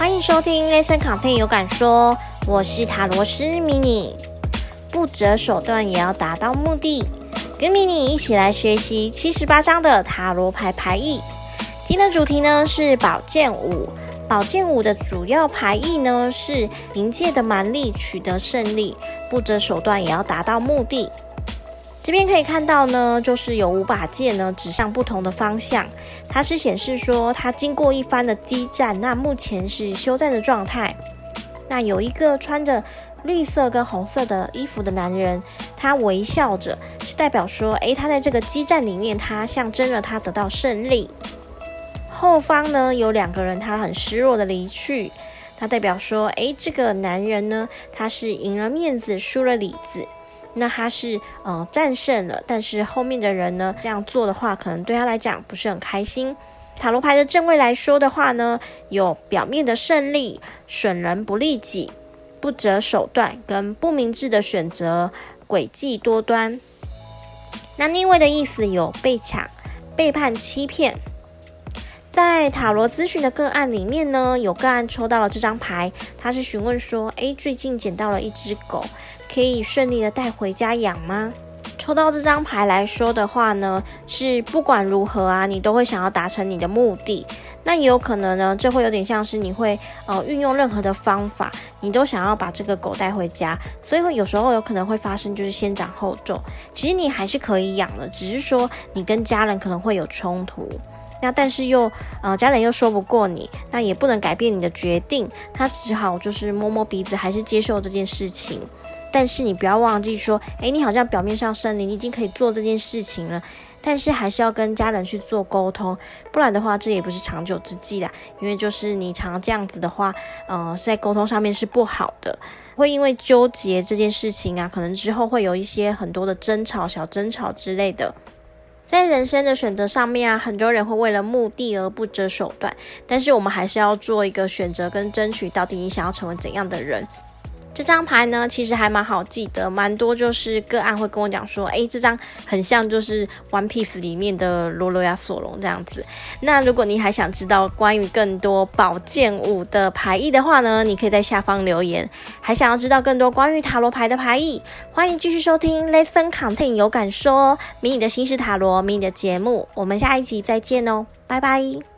歡迎收聽《ListenContent 有感說》，我是塔羅師 mini，不擇手段也要達到目的。跟 mini 一起來學習七十八張的塔羅牌牌意。今天的主題呢是寶劍五，寶劍五的主要牌意呢是憑借的蠻力取得勝利，不擇手段也要達到目的。這邊可以看到呢，就是有五把劍呢指向不同的方向，它是顯示說它經過一番的激戰，那目前是休戰的狀態。那有一個穿着綠色跟紅色的衣服的男人，他微笑着，是代表說，誒，他在這個激戰裡面，他象徵了他得到勝利。後方呢有兩個人，他很失落的離去，他代表說，誒，這個男人呢，他是贏了面子，輸了裡子。那他是呃戰勝了，但是後面的人呢，這樣做的話，可能對他來講不是很開心。塔羅牌的正位來說的話呢，有表面的勝利，損人不利己，不擇手段，跟不明智的選擇，詭計多端。那逆位的意思有被搶、背叛、欺騙。在塔羅諮詢的個案裡面呢，有個案抽到了這張牌，他是詢問說：欸，最近撿到了一隻狗。可以順利的帶回家養嗎？抽到這張牌來說的話呢，是不管如何啊，你都會想要達成你的目的。那也有可能呢，這會有點像是你會呃運用任何的方法，你都想要把這個狗帶回家。所以有時候有可能會發生就是先斬後奏。其實你還是可以養的，只是說你跟家人可能會有衝突。那但是又呃家人又說不過你，那也不能改變你的決定，他只好就是摸摸鼻子，還是接受這件事情。但是你不要忘記說，誒、欸，你好像表面上聲明你已經可以做這件事情了，但是還是要跟家人去做溝通，不然的話，這也不是長久之計啦。因為就是你常這樣子的話，呃，在溝通上面是不好的，會因為糾結這件事情啊，可能之後會有一些很多的爭吵、小爭吵之類的。在人生的選擇上面啊，很多人會為了目的而不擇手段，但是我們還是要做一個選擇跟爭取，到底你想要成為怎樣的人。這張牌呢，其實還蠻好記得，蠻多就是個案會跟我講說，哎，這張很像就是 One Piece 裡面的羅羅亞索隆這樣子。那如果你還想知道關於更多寶劍五的牌意的話呢，你可以在下方留言。還想要知道更多關於塔羅牌的牌意，歡迎繼續收聽 ListenContent 有感說迷你的心事塔羅迷你的節目。我們下一集再見哦，拜拜。